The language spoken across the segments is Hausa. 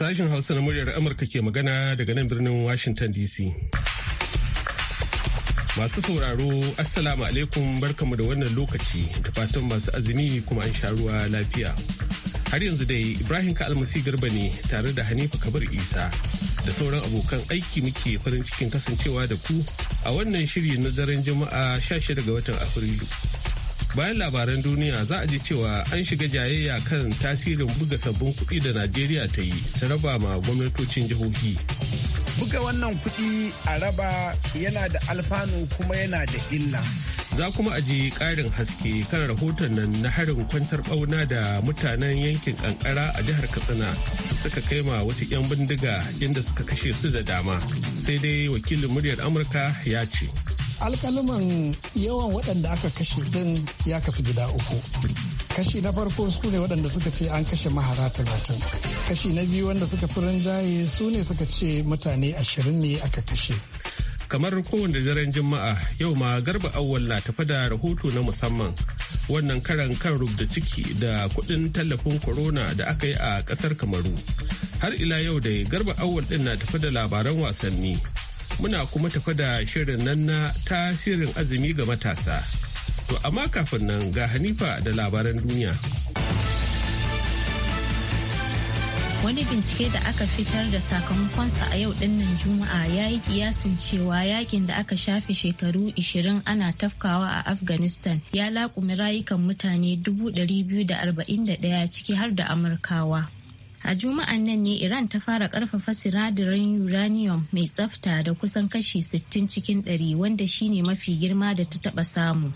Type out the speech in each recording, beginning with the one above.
Sashen Hausa na muryar Amurka ke magana daga nan birnin Washington DC. Masu sauraro, Assalamu alaikum barkamu da wannan lokaci da fatan masu azumi kuma an sha ruwa lafiya. Har yanzu dai Ibrahim almasi Garba ne tare da Hanifa Kabir Isa da sauran abokan aiki muke farin cikin kasancewa da ku a wannan shiri na daren Juma'a 16 ga watan Afrilu. bayan labaran duniya za a ji cewa an shiga jayayya kan tasirin buga sabbin kuɗi da najeriya ta yi ta raba ma gwamnatocin jihohi buga wannan kuɗi a raba yana da alfanu kuma yana da illa za kuma a ji ƙarin haske kan rahoton nan na harin kwantar ɓauna da mutanen yankin kankara a jihar katsina suka kai ma wasu 'yan bindiga inda suka kashe su da dama sai dai wakilin muryar amurka ya ce alkaliman yawan waɗanda aka kashe din ya kasu gida uku kashi na farko su ne waɗanda suka ce an kashe mahara talatin kashi na biyu wanda suka fi rinjaye su ne suka ce mutane ashirin ne aka kashe kamar kowanne daren jima'a yau ma garba awwal na tafi da rahoto na musamman wannan karan kan rubda ciki da kuɗin tallafin corona da aka yi a ƙasar kamaru har ila yau da garba awwal din na tafi da labaran wasanni muna kuma tafa da shirin nan na tasirin azumi ga matasa. To amma kafin nan ga Hanifa da labaran duniya. Wani bincike da aka fitar da sakamakonsa a yau dinnan Juma'a ya yi kiyasin cewa yakin da aka shafe shekaru 20 ana tafkawa a Afghanistan ya laƙumi rayukan mutane 241 ciki har da Amurkawa. a juma'an nan ne iran ta fara karfafa sinadarin uranium mai tsafta da kusan kashi 60 cikin 100 wanda shine mafi girma da ta taba samu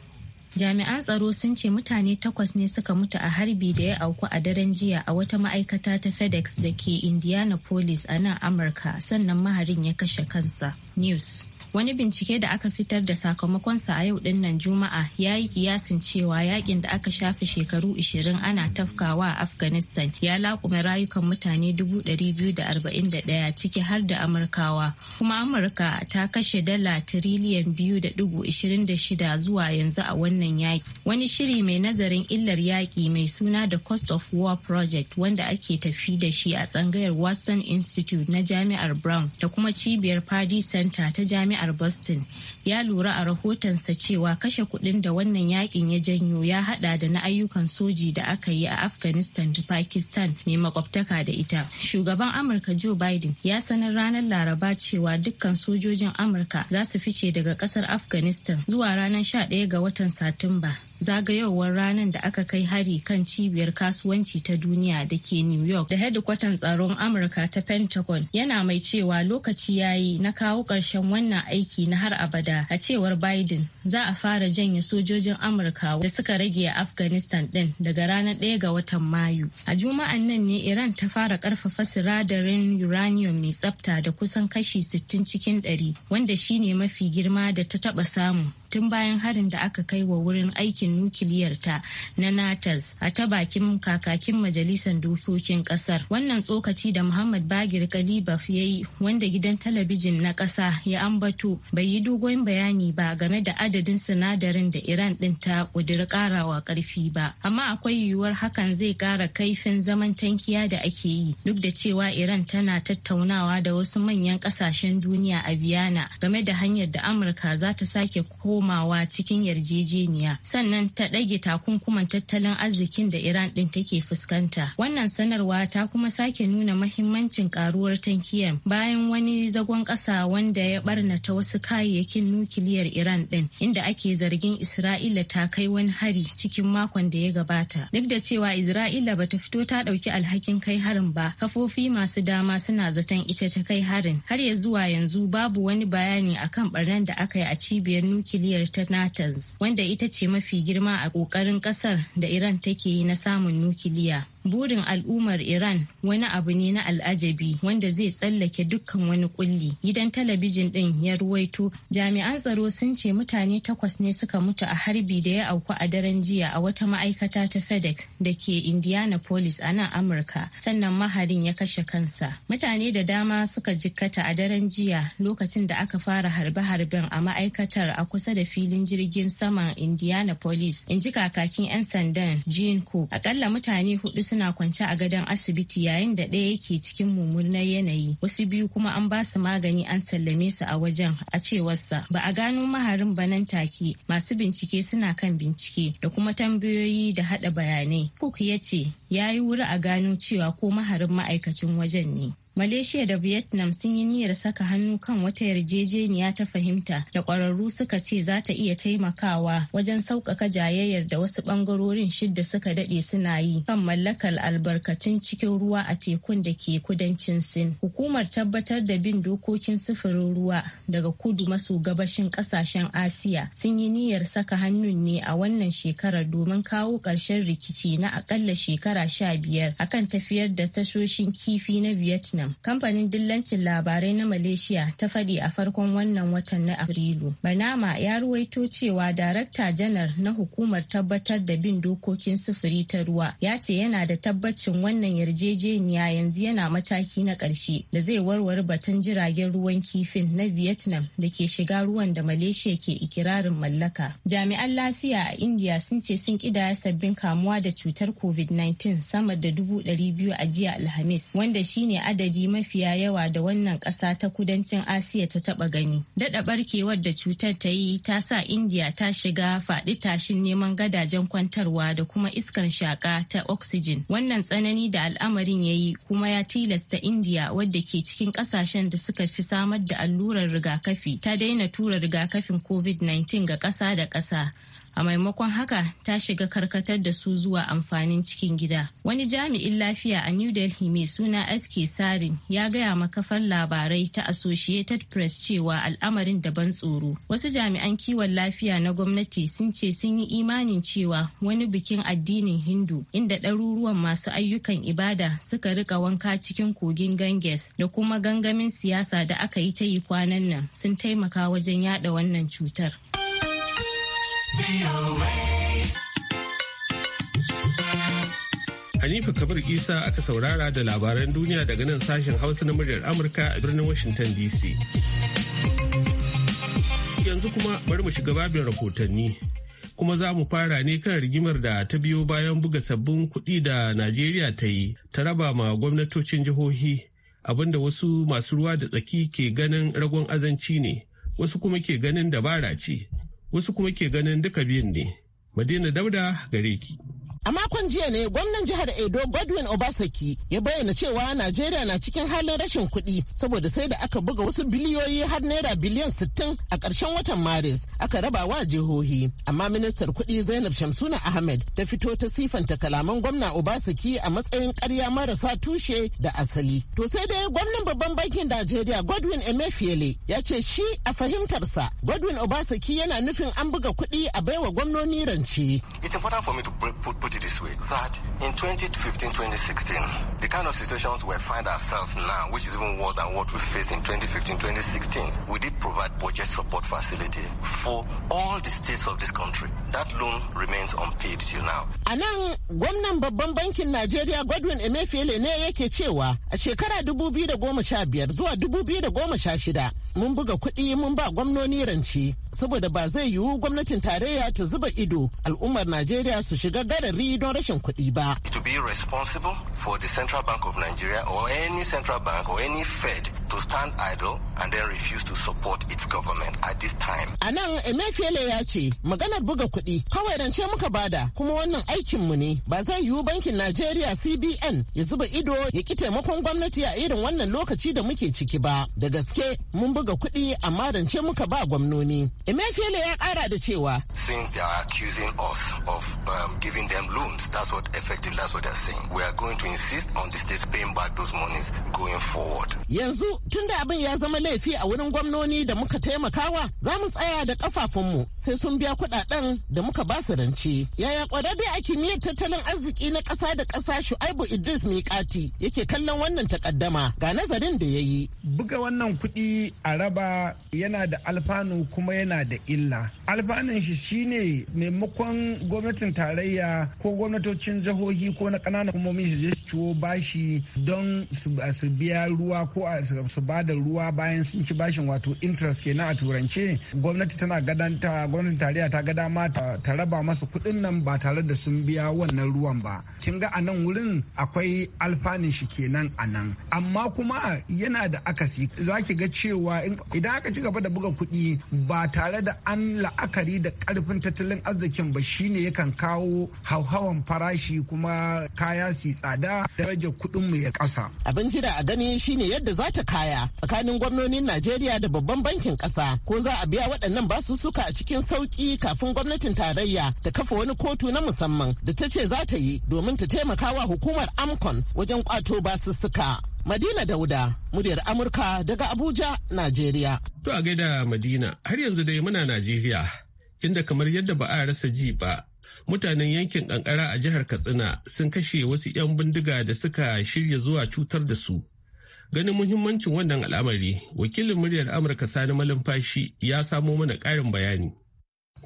jami'an tsaro sun ce mutane takwas ne suka mutu a harbi da ya auku a daren jiya a wata ma'aikata ta fedex da ke indianapolis a nan amurka sannan maharin ya kashe kansa news wani bincike da aka fitar da sakamakonsa a yau dinnan juma'a ya yi kiyasin cewa yakin da aka shafe shekaru 20 ana tafkawa a afghanistan ya laƙume rayukan mutane 241 ciki har da amurkawa kuma amurka ta kashe dala tiriliyan 2.26 zuwa yanzu a wannan yaki wani shiri mai nazarin illar yaki mai suna the cost of war project wanda ake tafi da shi a tsangayar watson institute na jami'ar brown da kuma cibiyar padi center ta jami'ar jami'ar Boston ya lura a rahotonsa cewa kashe kuɗin da wannan yakin ya janyo ya hada da na ayyukan soji da aka yi a Afghanistan da Pakistan mai makwabtaka da ita. Shugaban Amurka Joe Biden ya sanar ranar Laraba cewa dukkan sojojin Amurka za su fice daga ƙasar Afghanistan zuwa ranar 11 ga watan Satumba. zagayowar ranar da aka kai hari kan cibiyar kasuwanci ta duniya da ke New York da hedikwatan tsaron Amurka ta Pentagon yana mai cewa lokaci yayi na kawo ƙarshen wannan aiki na har abada a cewar Biden za a fara janye sojojin Amurka da suka rage a Afghanistan ɗin daga ranar 1 ga watan Mayu. A juma'an nan ne Iran ta fara karfafa sinadarin uranium mai tsafta da kusan kashi 60 cikin 100 wanda shine mafi girma da ta taba samu tun bayan harin da aka kai wa wurin aikin nukiliyarta na natas a ta bakin kakakin majalisar dokokin kasar wannan tsokaci da muhammad bagir kalibaf ya yi wanda gidan talabijin na kasa ya ambato bai yi dogon bayani ba game da adadin sinadarin da iran din ta kudiri karawa karfi ba amma akwai yiwuwar hakan zai kara kaifin zaman tankiya da ake yi duk da cewa iran tana tattaunawa da wasu manyan kasashen duniya a biyana game da hanyar da amurka za ta sake koma komawa cikin yarjejeniya sannan ta ɗage takunkuman tattalin arzikin da Iran ɗin take fuskanta. Wannan sanarwa ta kuma sake nuna mahimmancin karuwar tankiyar bayan wani zagon ƙasa wanda ya barna ta wasu kayayyakin nukiliyar Iran ɗin inda ake zargin Isra'ila ta kai wani hari cikin makon da ya gabata. Duk da cewa Isra'ila bata fito ta ɗauki alhakin kai harin ba, kafofi masu dama suna zaton ita ta kai harin. Har ya yanzu babu wani bayani akan barnan da aka yi a cibiyar nukiliyar Yar ta natanz wanda ita ce mafi girma a ƙoƙarin ƙasar da iran take yi na samun nukiliya burin al'ummar iran wani abu ne na al'ajabi wanda zai tsallake dukkan wani kulli gidan talabijin din ya ruwaito jami'an tsaro sun ce mutane takwas ne suka mutu a harbi da ya auku a daren jiya a wata ma'aikata ta fedex da ke indianapolis a nan amurka sannan maharin ya kashe kansa mutane da dama suka jikkata a daren jiya lokacin da aka fara harbe-harben a ma'aikatar a kusa da filin jirgin saman indianapolis in ji kakakin 'yan sandan jean cook akalla mutane hudu suna kwance a gadon asibiti yayin da ɗaya yake cikin mummunar yanayi wasu biyu kuma an ba su magani an sallame su a wajen a cewarsa ba a gano maharin ba nan take masu bincike suna kan bincike da kuma tambayoyi da haɗa bayanai cook ya ce ya yi wuri a gano cewa ko maharin ma'aikacin wajen ne Malaysia da Vietnam sun yi niyyar saka hannu kan wata yarjejeniya ta fahimta da ƙwararru suka ce za ta iya taimakawa wajen sauƙaƙa jayayyar da wasu ɓangarorin shidda suka daɗe suna yi kan mallakar albarkatun cikin ruwa a tekun da ke kudancin Sin. Hukumar tabbatar da bin dokokin sufurin ruwa daga kudu maso gabashin ƙasashen Asiya sun yi niyyar saka hannun ne a wannan shekarar domin kawo ƙarshen rikici na aƙalla shekara sha biyar akan tafiyar da tashoshin kifi na Vietnam kamfanin dillancin labarai na malaysia ta faɗi a farkon wannan watan na afrilu banama ya ruwaito cewa darakta janar na hukumar tabbatar da bin dokokin sufuri ta ruwa ya ce yana da tabbacin wannan yarjejeniya yanzu yana mataki na ƙarshe da zai warware batun jiragen ruwan kifin na vietnam da ke shiga ruwan da malaysia ke ikirarin mallaka jami'an lafiya a india sun ce sun kidaya sabbin kamuwa da cutar covid-19 sama da dubu biyu a jiya alhamis wanda shine adadi adadi mafiya yawa da wannan ƙasa ta kudancin Asiya ta taba gani. Daɗa ɓarkewar da cutar ta yi ta sa Indiya ta shiga faɗi tashin neman gadajen kwantarwa da kuma iskar shaƙa ta oxygen. Wannan tsanani da al'amarin ya yi kuma ya tilasta Indiya wadda ke cikin ƙasashen da suka fi samar da allurar rigakafi ta daina tura rigakafin COVID-19 ga ƙasa da ƙasa. a maimakon haka ta shiga karkatar da su zuwa amfanin cikin gida wani jami'in lafiya a new delhi mai suna sk sarin ya gaya makafan labarai ta associated press cewa al'amarin da ban tsoro wasu jami'an kiwon lafiya na gwamnati sun ce sun yi imanin cewa wani bikin addinin hindu inda ɗaruruwan masu ayyukan ibada suka rika wanka cikin kogin ganges da kuma gangamin siyasa da aka yi ta yi kwanan nan sun taimaka wajen yaɗa wannan cutar. Hanifa Kabir Isa aka saurara da labaran duniya daga nan sashen Hausa na muryar Amurka a birnin Washington DC. Yanzu kuma bari mu shiga babin rahotanni. Kuma za mu fara ne kan rigimar da ta biyo bayan buga sabbin kuɗi da Najeriya ta yi ta raba ma gwamnatocin jihohi abinda wasu masu ruwa da tsaki ke ganin ragon azanci ne, wasu kuma ke ganin dabara ce. wasu kuma ke ganin duka biyun ne madina dauda gare ki A makon jiya ne gwamnan jihar Edo Godwin Obasaki ya bayyana cewa Najeriya na cikin halin rashin kuɗi saboda sai da aka buga wasu biliyoyi har naira biliyan 60 a ƙarshen watan Maris aka raba wa jihohi. Amma ministar kuɗi Zainab Shamsuna Ahmed ta fito ta sifanta kalaman gwamna Obasaki a matsayin ƙarya marasa tushe da asali. To sai dai gwamnan babban bankin Najeriya Godwin Emefiele ya ce shi a fahimtarsa Godwin Obasaki yana nufin an buga kuɗi a baiwa gwamnoni rance. It's important for me to it this way that in 2015, 2016, the kind of situations we find ourselves now, which is even worse than what we faced in 2015, 2016, we did provide budget support facility for all the states of this country. That loan remains unpaid till now. A nan gwamnan babban bankin Najeriya Godwin Emefiele ne yake cewa a shekara 2015 zuwa 2016 mun buga kuɗi mun ba gwamnoni rance saboda ba zai yiwu gwamnatin tarayya ta zuba ido al'ummar Najeriya su shiga garari it don rashin kuɗi ba. To be responsible for the Central Bank of Nigeria or any Central Bank or any Fed to stand idle and then refuse to support its government at this time. A nan Emefiele ya ce maganar buga kuɗi kawai rance muka bada kuma wannan aikinmu ne ba zai yiwu bankin Najeriya CBN ya zuba ido ya ki taimakon gwamnati a irin wannan lokaci da muke ciki ba. Da gaske mun buga kuɗi amma rance muka ba gwamnoni. Emefiele ya ƙara da cewa. Since they are accusing us of um, giving them loans that's what effectively that's what they're saying. We are going to insist on the state paying back those monies going forward. Yanzu tunda abin ya zama laifi a wurin gwamnoni da muka taimakawa za mu tsaya da kafafunmu sai sun biya kudaden da muka ba su rance yaya kwararre a kimiyyar tattalin arziki na kasa da kasa shu'aibu idris miƙati yake kallon wannan takaddama ga nazarin da ya yi buga wannan kuɗi a raba yana da alfanu kuma yana da illa alfanun shi shine maimakon gwamnatin tarayya ko gwamnatocin jihohi ko na ƙananan hukumomi su je su ciwo bashi don su biya ruwa ko a su ba da ruwa bayan sun ci bashin wato interest ke na a turance gwamnati tana gadanta gwamnatin tarayya ta gada ma ta raba masa kuɗin nan ba tare da sun biya wannan ruwan ba kin ga a wurin akwai alfanin shi kenan anan amma kuma yana da akasi za ga cewa idan aka ci gaba da buga kuɗi ba tare da an la'akari da karfin tattalin arzikin ba shine yakan kawo hauhawan farashi kuma kaya su tsada da rage kuɗin mu ya ƙasa abin jira a gani shine yadda za ta kaya tsakanin gwamnonin Najeriya da babban bankin ƙasa ko za a biya waɗannan basussuka a cikin sauƙi kafin gwamnatin tarayya ta kafa wani kotu na musamman da ta ce za ta yi domin ta taimaka wa hukumar Amcon wajen kwato basussuka. Madina Dauda, muryar Amurka daga Abuja, Najeriya. To a gaida Madina, har yanzu dai muna Najeriya, inda kamar yadda ba a rasa ji ba, mutanen yankin kankara a jihar Katsina sun kashe wasu 'yan bindiga da suka shirya zuwa cutar da su Ganin muhimmancin wannan al'amari, wakilin muryar Amurka Sani Malumfashi ya samo mana ƙarin bayani.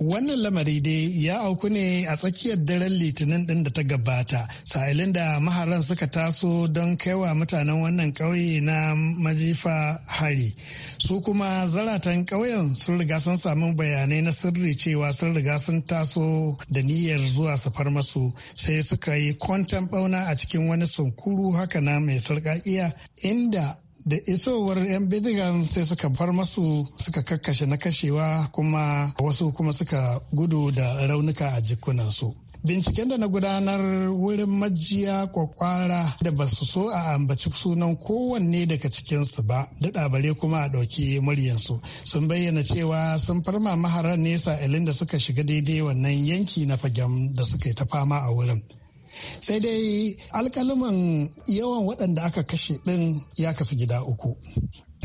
Wannan lamari dai ya auku ne a tsakiyar daren litinin din da ta gabata, sa'ilin da maharan suka taso don kaiwa mutanen wannan ƙauye na majifa hari. Su kuma zaratan ƙauyen sun riga sun samu bayanai na sirri cewa sun riga sun taso da niyyar zuwa safar masu sai suka yi kwantan bauna a cikin wani sunkuru haka na mai sarƙaƙiya inda da isowar 'yan bidigan sai suka far masu suka kakkashe na kashewa kuma wasu kuma suka gudu da raunuka a jikunansu. Binciken da na gudanar wurin majiya kwakwara da ba su so a ambaci sunan kowanne daga cikinsu ba, da ɗabare kuma a ɗauki muryansu. Sun bayyana cewa sun farma maharar nesa ilin da suka shiga daidai wannan yanki na fagen da suka yi ta fama a wurin. sai dai alkaliman yawan waɗanda aka kashe ɗin ya kasu gida uku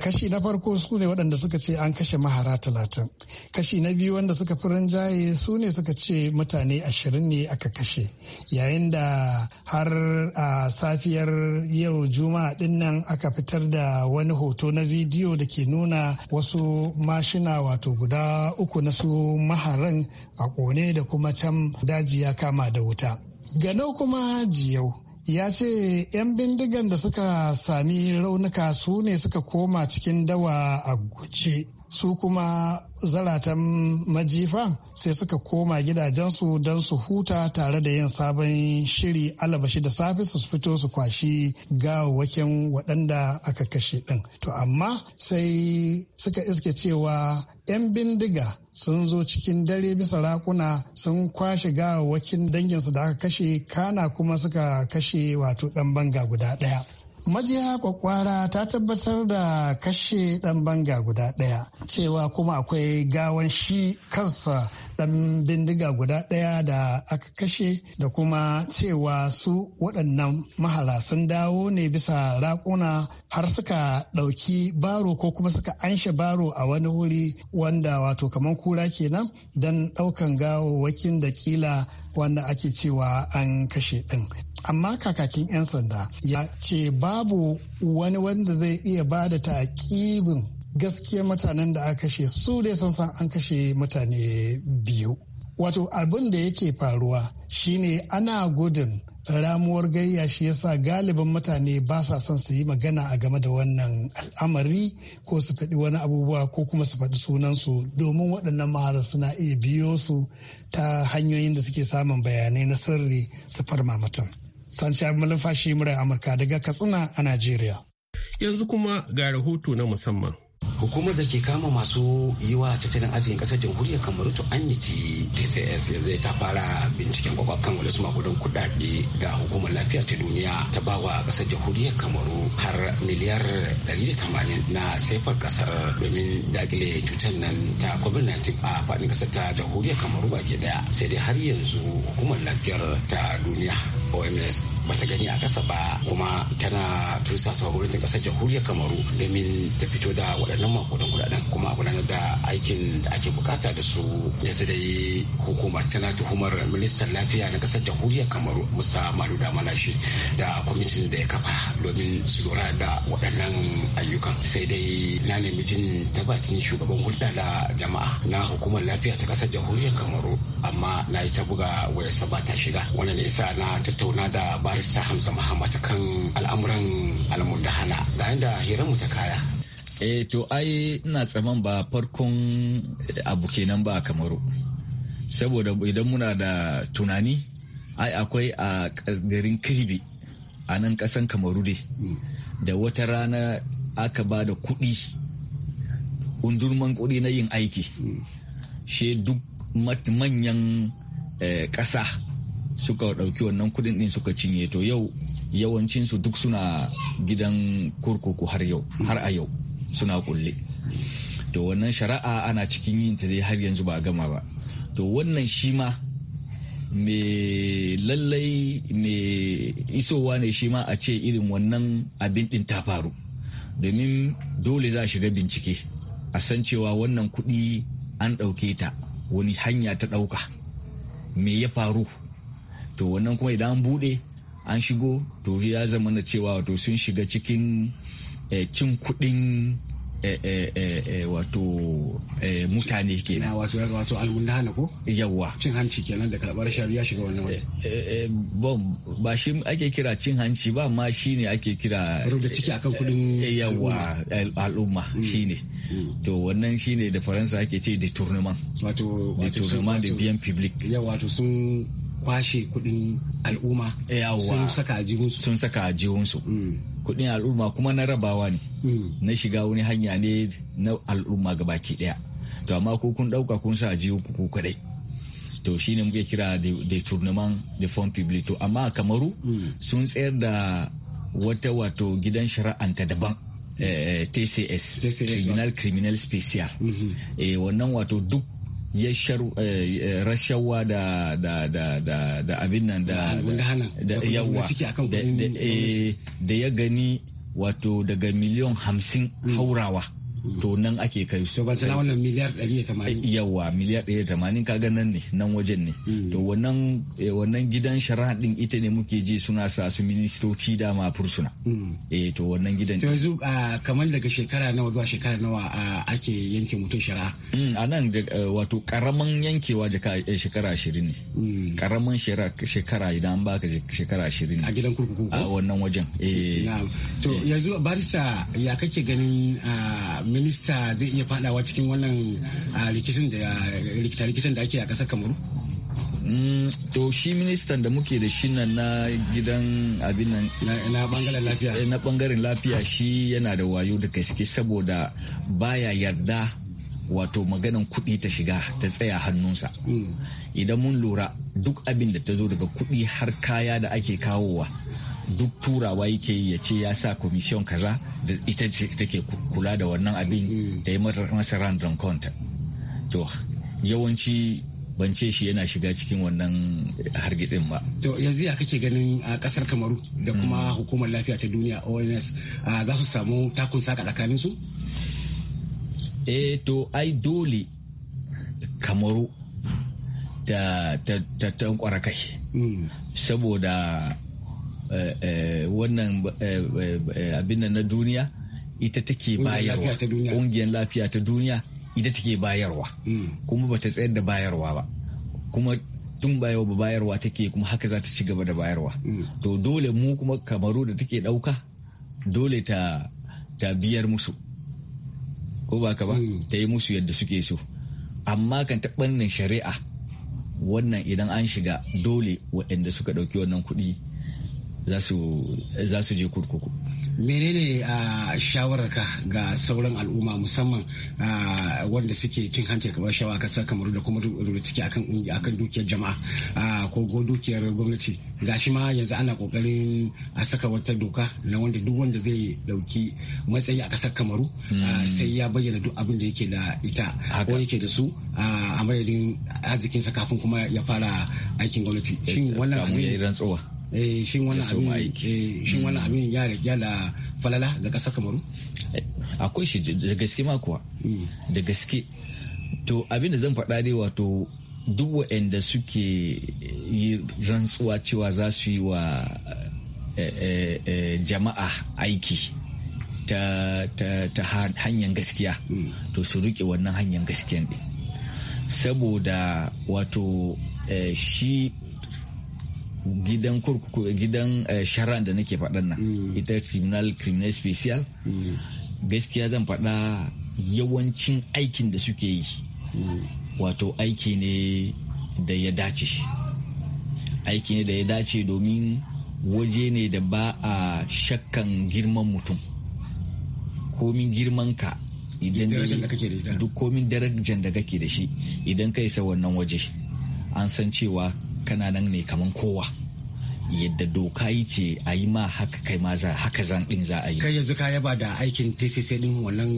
kashi na farko su ne waɗanda suka ce an kashe mahara talatin kashi na biyu wanda suka fi rinjaye su ne suka ce mutane ashirin ne aka kashe yayin da har a safiyar yau juma'a din nan aka fitar da wani hoto na bidiyo da ke nuna wasu mashina wato guda uku na su maharan a kone da kuma can daji ya kama da wuta Ganau kuma jiyau ya ce 'yan bindigan da suka sami raunuka su ne suka koma cikin dawa a guje su kuma zaratan majifa sai suka koma gidajensu don su huta tare da yin sabon shiri alabashi da safe su fito su kwashi gawawakin waɗanda aka kashe ɗin to amma sai suka iske cewa 'yan bindiga sun zo cikin dare bisa rakuna sun kwashe gawawakin danginsu da aka kashe kana kuma suka kashe wato ɗan banga guda ɗaya majiya kwakwara ta tabbatar da kashe dan banga guda daya cewa kuma akwai gawan shi kansa dan bindiga guda daya da aka kashe da kuma cewa su waɗannan mahara sun dawo ne bisa raƙuna har suka ɗauki baro ko kuma suka anshe baro a wani wuri wanda wato kamar kura kenan don ɗaukan wakin da kila wanda ake cewa an kashe ɗin amma kakakin 'yan sanda ya ce babu wani wanda zai iya ba da taƙibin gaskiya mutanen da aka kashe su dai san san an kashe mutane biyu wato abin da yake faruwa shine ana gudun ramuwar gayya shi yasa galibin mutane ba sa son su yi magana a game da wannan al'amari ko su faɗi wani abubuwa ko kuma su faɗi sunansu domin waɗannan mahara suna iya biyo su ta hanyoyin da suke samun bayanai na sirri su farma mutum. Sanshar Malafashi murar Amurka daga Katsina a Najeriya. Yanzu kuma ga rahoto na musamman. hukumar da ke kama masu yi wa tattalin arzikin kasar jamhuriyar kamaru to ci dcs yanzu ta fara binciken kwakwa kan suma magudan kudade da hukumar lafiya ta duniya ta ba wa kasar jamhuriyar kamaru har miliyar 180 na saifar kasar domin dakile cutar nan ta covid-19 a faɗin kasar ta jamhuriyar kamaru baki daya sai dai har yanzu hukumar lafiyar ta duniya Boy, miss. bata gani a kasa ba kuma tana tursasa gwamnatin kasar jamhuriyar kamaru domin ta fito da waɗannan makudan kudaden kuma a gudanar da aikin da ake bukata da su yanzu dai hukumar tana tuhumar ministan lafiya na kasar jamhuriyar kamaru musa da malashi da kwamitin da ya kafa domin su lura da waɗannan ayyukan sai dai na nemi jin ta bakin shugaban hulɗa da jama'a na hukumar lafiya ta kasar jamhuriyar kamaru amma na yi ta buga wayarsa ba ta shiga wannan ne yasa na tattauna da ba barista hamza muhammad kan al'amuran hana, ga yadda mu ta kaya eh to ai ina tsaman ba farkon abu kenan ba kamaru saboda idan muna da tunani ai akwai a garin kirbi a nan kasan kamaru ne mm. da wata rana aka ba da kuɗi undurman kuɗi na yin aiki mm. shi duk manyan eh, ƙasa suka ɗauki wannan kuɗin ɗin suka cinye to yau yawancinsu duk suna gidan kurkuku har yau har a yau suna kulle to wannan shari'a ana cikin yin ta dai har yanzu ba a gama ba to wannan shi ma me lallai me isowa ne shi ma a ce irin wannan abin ɗin ta faru domin dole za a shiga bincike a san cewa wannan kuɗi an ɗauke ta wani hanya ta ɗauka me ya faru to wannan kuma idan an buɗe an shigo to ya zama na cewa wato sun shiga cikin eh, cin kuɗin eh, eh, wato mutane kenan wato wato na ko yawwa cin hanci kenan da karbar shari'a ya shiga wannan bom ba shi ake kira cin hanci ba ma shine ake kira da ciki akan kudin yawwa al'umma mm. shine mm. to wannan shine da faransa ake ce detournement wato wato da biyan public yawwa wato sun kwashe kudin al'umma sun saka a jihunsu sun saka a mm. kudin kuɗin al'umma kuma na rabawa ne mm. na shiga wani hanya ne na al'umma gabaki ɗaya to amma ko kun ɗauka kun sa a ku ku kaɗai to shine muke kira da tournament de fond public to amma kamaru mm. sun tsayar da wata wato gidan shari'anta daban eh, eh, TCS, Criminal Special. Mm-hmm. Eh, wannan wato duk ya eh, eh, rashawa da da da da da abin nan da da yawa eh, da ya gani wato daga miliyan hamsin mm. haurawa to nan ake kai su ba tana wannan miliyar 180 yawa miliyar 180 kaga nan ne nan wajen ne hmm. to wannan eh, wannan gidan shari'a din ita ne muke je suna sa su ministoci da ma fursuna hmm. eh to wannan gidan to yanzu ah, kamar daga shekara nawa zuwa shekara nawa ah, ake yanke mutum shari'a hmm, a nan eh, wato karaman yankewa da eh, shekara 20 ne karaman shekara idan an baka shekara 20 ne a gidan kurkuku a wannan wajen eh to yanzu barista ya kake ganin ah, minista zai iya fadawa cikin wannan rikicin da ake a kasar kamaru mm, to shi ministan da muke da shi nan na gidan abin nan na bangaren lafiya eh, na bangaren lafiya shi yana da wayo da gaske saboda baya yarda wato maganan kuɗi ta shiga ta tsaya hannunsa mm. idan mun lura duk abin da ta zo daga kuɗi har kaya da ake kawowa duk turawa yake ya ce ya sa kaza da ita ce take kula da wannan abin da ya masa random conta to yawanci bance shi yana shiga cikin wannan hargitsin ba. To yanzu ya kake ganin a kasar Kamaru da mm. kuma hukumar lafiya ta duniya ONS za su samu takun saka tsakanin su? Eh, to ai dole Kamaru ta ta ta kai. Mm. Saboda Eh, eh, wannan eh, abin na duniya ita take bayarwa ƙungiyar lafiya ta duniya ita take bayarwa hmm. kuma ba ta tsayar da bayarwa ba kuma tun bayarwa ba bayarwa take kuma haka za ta ci gaba da bayarwa hmm. to dole mu kuma kamaru da take ɗauka dole ta biyar musu ko ba ka ba hmm. ta yi musu yadda suke so amma kan ta ɓannin shari'a wannan idan an shiga dole waɗanda suka ɗauki wannan kuɗi za su je kurkuku menene a shawararka ga sauran al'umma musamman wanda suke cin hanci kamar shawa kasa kamar da kuma ciki akan akan dukiyar jama'a ko go dukiyar gwamnati gashi ma yanzu ana kokarin a saka wata doka na wanda duk wanda zai dauki matsayi a kasar kamaru hmm. sai ya bayyana duk abin da yake da ita ko yake da su a madadin arzikinsa kafin kuma ya fara aikin gwamnati eh, shin wannan abin Eh, shin wannan eh, mm. abin ya riga da falala ga kasar kamaru eh, akwai shi da gaske ma kuwa mm. da gaske to abin da zan faɗa ne wato duk waɗanda suke yi rantsuwa cewa za su yi wa jama'a aiki ta, ta, ta hanyar gaskiya mm. to su rike wannan hanyar gaskiya ɗin saboda wato shi gidan kurkuku gidan eh, sharan da nake faɗan nan mm. ita criminal criminal special mm. gaskiya zan faɗa yawancin aikin da suke yi mm. wato aiki ne da ya dace aiki ne da ya dace domin waje ne da ba a shakkan girman mutum komin girman ka idan duk komin darajar da kake da shi idan ka isa wannan waje an san cewa kana nan ne kaman kowa yadda doka yi ce a yi ma haka kai ma za haka zan din za a yi kai yanzu ka yaba da aikin tcc din wannan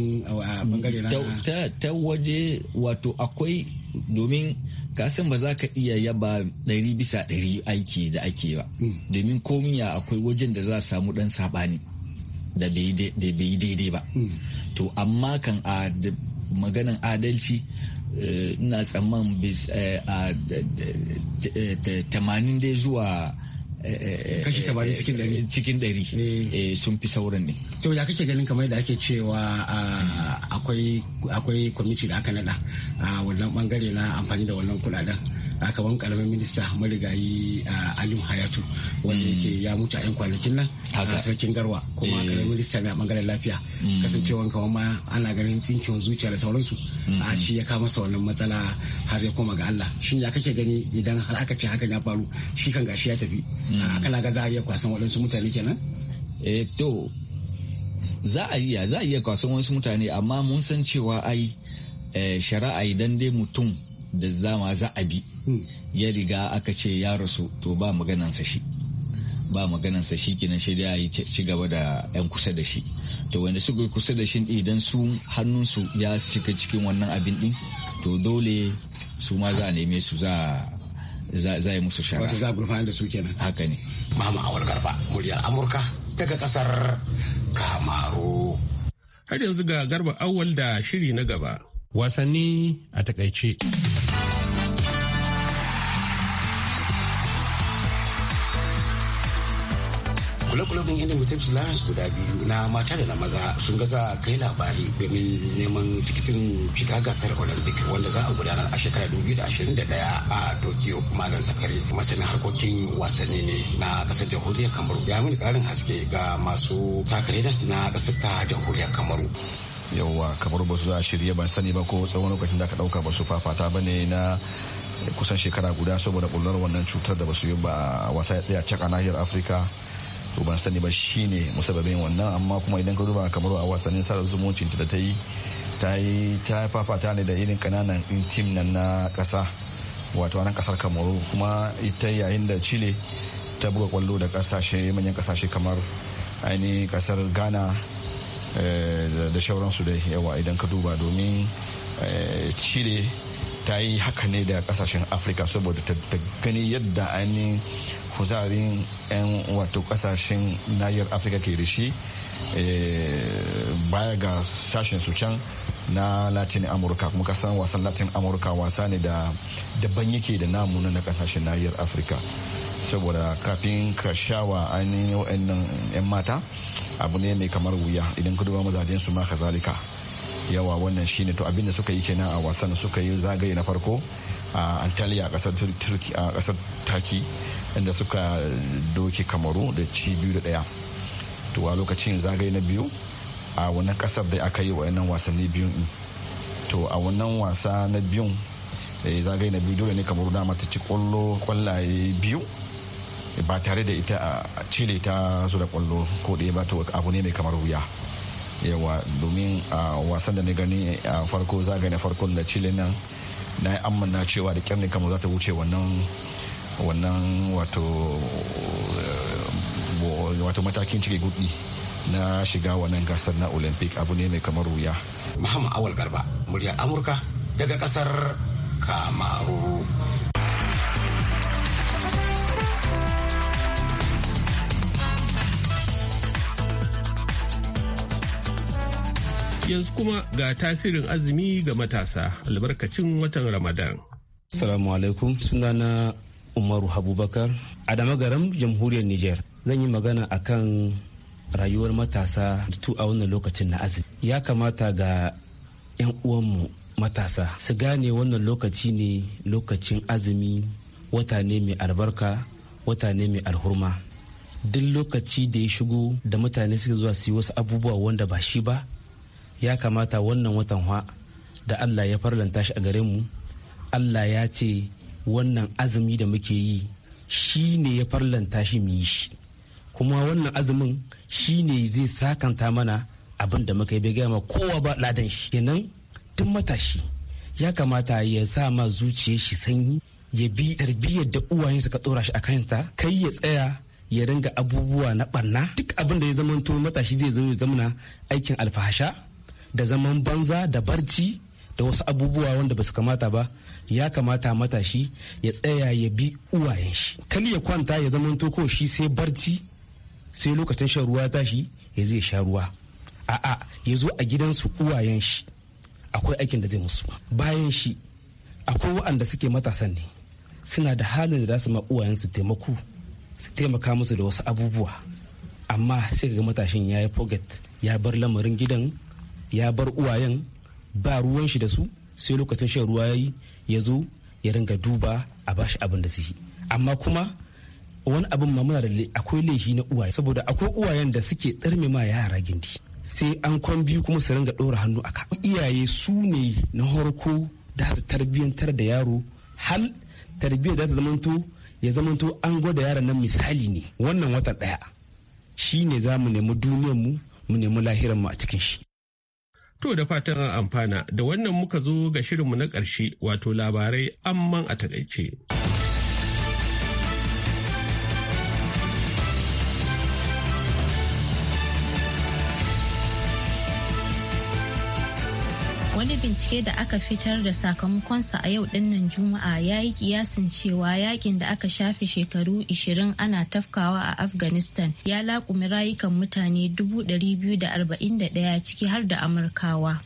bangare na ta, ta waje wato akwai domin kasan ba za ka iya yaba ɗari bisa ɗari aiki da ake ba hmm. domin komiya akwai wajen da za a samu ɗan saɓani da bai daidai ba hmm. to amma kan a maganan adalci ina tsamman eh, a tamanin dai zuwa eh, eh, kashi tamanin cikin dari cikin dari sun fi sauran ne to ya kake ganin kamar da ake cewa akwai kwamiti da aka nada a wannan bangare na amfani da wannan kudaden a kaman karamin minista marigayi alim hayatu wanda mm. yake ya mutu a yan kwanakin nan a sarkin garwa kuma karamin eh. minista ne a bangaren lafiya mm. kasancewan kaman ma ana ganin tsinkewar zuciya da sauransu mm-hmm. a shi ya kama sa wannan matsala har ya koma ga Allah shin ya kake gani idan har aka ce hakan ya faru shi kan gashi ya tafi mm. kana ga za a iya kwasan waɗansu mutane kenan eh to za a iya za a iya kwasan wasu mutane amma mun san cewa ai eh, shari'a idan dai mutum da zama za a bi hmm. ya riga aka ce ya rasu to ba maganansa shi ba maganansa shi kenan shi da ya ci gaba da 'yan kusa da shi to wanda su yi kusa da shi idan su hannunsu ya shiga cikin wannan abin din to dole su ma za a neme su za za yi musu shara wato za a da su kenan haka ne mama awal garba muryar amurka daga kasar kamaru har yanzu ga garba awal da shiri na gaba wasanni a takaice kule inda ilimin tips lions guda biyu na mata da na maza sun gaza kai labari domin neman tikitin shiga gasar olympic wanda za a gudanar a shekarar 2021 a tokyo malam zakari masanin harkokin wasanni ne na kasar jamhuriyar kamaru ya mini karin haske ga masu takare na kasar ta jamhuriyar kamaru yauwa kamaru ba su za a shirye ban sani ba ko tsawon lokacin da aka dauka ba su fafata ba ne na kusan shekara guda saboda bullar wannan cutar da ba su yi ba a wasa ya tsaya can a nahiyar afirka to ban sani ba shine musababin wannan amma kuma idan ka duba kamar a wasannin sada zumuncin da ta yi ta yi ta fafata ne da irin kananan intim nan na kasa wato nan kasar kamaru kuma ita yayin da chile ta buga kwallo da kasashe manyan kasashe kamar ainihin kasar ghana eh, da shauransu da yawa idan ka duba domin eh, chile ta yi haka ne da kasashen afirka saboda ta gani yadda ainihin kuzarin 'yan wato kasashen nahiyar afirka ke da shi eh, baya ga sashen su can na latin amurka kuma kasan wasan latin amurka wasa ne da daban yake da namu na kasashen nahiyar afirka saboda kafin ka shawa ainihin wa'annan 'yan mata abu ne mai kamar wuya idan ka ba mazajen su ma kazalika yawa wannan shine to abinda suka yi kenan a wasan suka yi zagaye na farko a antalya a kasar turki a kasar taki inda suka doke kamaru da ci biyu da daya to a lokacin zagaye na biyu a wannan kasar da aka yi yanan wasanni biyun to a wannan wasa na biyun eh, zagaye na biyu dole ne kamaru dama ta ci kwallo kwallaye biyu ba tare da ita a cile ta zo da kwallo ko ya ba to abu ne mai kamar wuya yawa domin a wasan da na gani a farko zagaye na farkon da cile nan na yi na cewa da kyar ne kamar za ta wuce wannan wannan wato eh, wato matakin cire gudi na shiga wannan gasar na olympic abu ne mai kamar wuya muhammad awal garba muryar amurka daga kasar kamaru yanzu kuma ga tasirin azumi ga matasa albarkacin watan ramadan salamu alaikum sunana umaru habubakar a garin jamhuriyar Nijar. zan yi magana akan rayuwar matasa tu a wannan lokacin na azumi ya kamata ga 'yan uwanmu matasa su gane wannan lokaci ne lokacin azumi wata ne mai albarka wata ne mai alhurma duk lokaci da ya shigo da mutane suke zuwa su yi wasu abubuwa wanda ba shi ba ya kamata wannan watan da allah ya farlanta shi a gare mu allah ya ce wannan azumi da muke yi shi ne ya farlanta shi mu yi shi kuma wannan azumin shi ne zai sakanta mana abin da muka yi bai gama kowa ba ladan shi kenan tun matashi ya kamata ya sa ma zuciya shi sanyi ya bi tarbiyyar da uwayen suka tsora shi a kanta kai ya tsaya ya ringa abubuwa na barna duk abin da ya zama to matashi zai zama zamana aikin alfahasha da zaman banza da barci da wasu abubuwa wanda ba su kamata ba ya kamata matashi ya tsaya ya bi uwayen shi kali ya kwanta ya zama ko shi sai barci sai lokacin shan ruwa tashi ya zai sha ruwa a'a ya zo a gidansu uwayen shi akwai aikin da zai musu bayan shi akwai waɗanda suke matasan ne suna da halin da za su ma su taimako su taimaka musu da wasu abubuwa amma sai ga matashin ya yi forget ya bar lamarin gidan ya bar uwayen ba ruwan shi da su sai lokacin shan ruwa ya yi ya zo ya ringa duba a bashi abin da su amma kuma wani abin ma muna da akwai laifi na uwaye saboda akwai uwayen da suke tsarmi ma yara gindi sai an kwan biyu kuma su ringa ɗora hannu a kan iyaye su ne na harko da su tarbiyyantar da yaro hal tarbiyyar da ta zamanto ya zamanto an gwada yaran nan misali ne wannan watan ɗaya shi ne za mu nemi duniyar mu mu nemi lahiran mu a cikin shi To da fatan amfana da wannan muka zo ga shirinmu na ƙarshe wato labarai amman a takaice. wani bincike da aka fitar da sakamakonsa a yau dinnan juma'a ya yi kiyasin cewa yakin da aka shafe shekaru 20 ana tafkawa a afghanistan ya laƙumi rayukan mutane 241 ciki har da amurkawa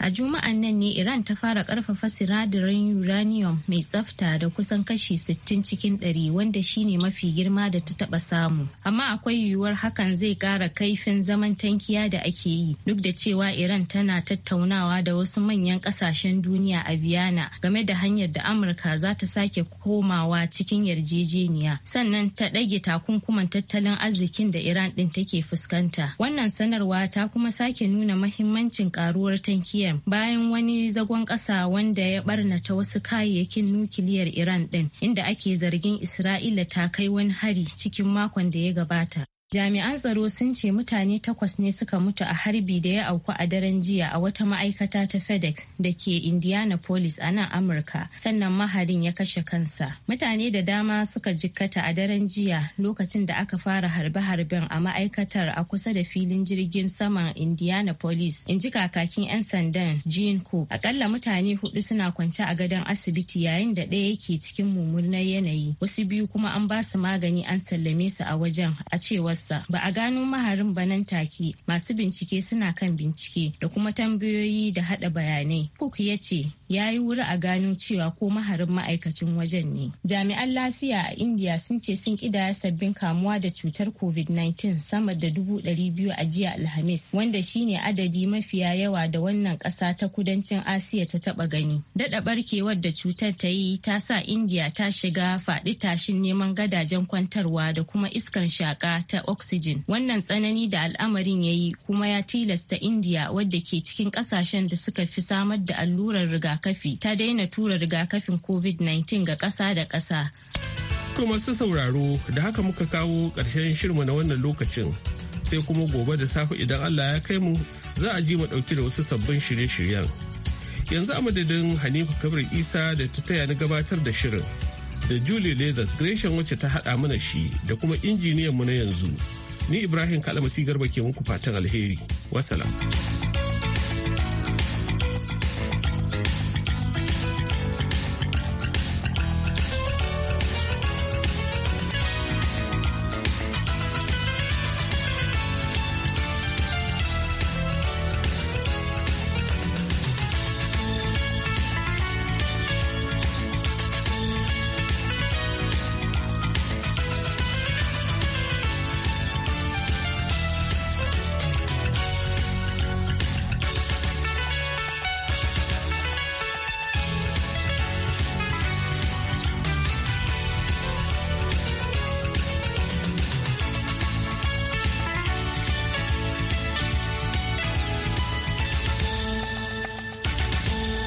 A juma'an nan ne Iran ta fara karfafa sinadarin uranium mai tsafta da kusan kashi 60 cikin 100 wanda shine mafi girma da ta taba samu. Amma akwai yiwuwar hakan zai kara kaifin zaman tankiya da ake yi duk da cewa Iran tana tattaunawa da wasu manyan kasashen duniya a Vienna game da hanyar da Amurka za ta sake komawa cikin yarjejeniya sannan ta ɗage takunkuman tattalin arzikin da Iran ɗin take fuskanta. Wannan sanarwa ta kuma sake nuna mahimmancin karuwar tankiya Birmingham bayan wani zagon ƙasa wanda ya ta wasu kayayyakin nukiliyar Iran ɗin inda ake zargin Isra'ila ta kai wani hari cikin makon da ya gabata. Jami'an tsaro sun ce mutane takwas ne suka mutu a harbi da ya auku a daren jiya a wata ma'aikata ta FedEx da ke Indianapolis a nan Amurka, sannan maharin ya kashe kansa. Mutane da dama suka jikkata a daren jiya lokacin da aka fara harbe-harben a ma'aikatar a kusa da filin jirgin saman Indianapolis, in ji kakakin 'yan sandan Jean Cook. Akalla mutane hudu suna kwance a gadon asibiti yayin da ɗaya yake cikin mummunar yanayi, wasu biyu kuma an ba su magani an sallame su a wajen a cewar ba a gano maharin ba nan take masu bincike suna kan bincike da kuma tambayoyi da hada bayanai cook ya ce ya yi wuri a gano cewa ko maharin ma'aikacin wajen ne jami'an lafiya a india sun ce sun kidaya sabbin kamuwa da cutar covid-19 sama da dubu ɗari biyu a jiya alhamis wanda shine adadi mafiya yawa da wannan ƙasa ta kudancin asiya ta taɓa gani Dada barkewar da cutar ta yi ta sa india ta shiga faɗi tashin neman gadajen kwantarwa da kuma iskar shaka ta oxygen wannan tsanani da al'amarin ya yi kuma ya tilasta india wadda ke cikin kasashen da suka fi samar da allurar rigakafi ta daina tura rigakafin covid-19 ga ƙasa da ƙasa kuma su sauraro da haka muka kawo ƙarshen shirma na wannan lokacin sai kuma gobe da safe idan allah ya kai mu za a ji mu ɗauki da wasu sabbin shirye-shiryen yanzu a madadin hanifu kabir isa da ta taya na gabatar da shirin da Julie Leathers Gresham wacce ta haɗa mana shi da kuma injiniyan mu na yanzu. Ni Ibrahim Kalamasi Garba ke muku fatan alheri. Wassalam.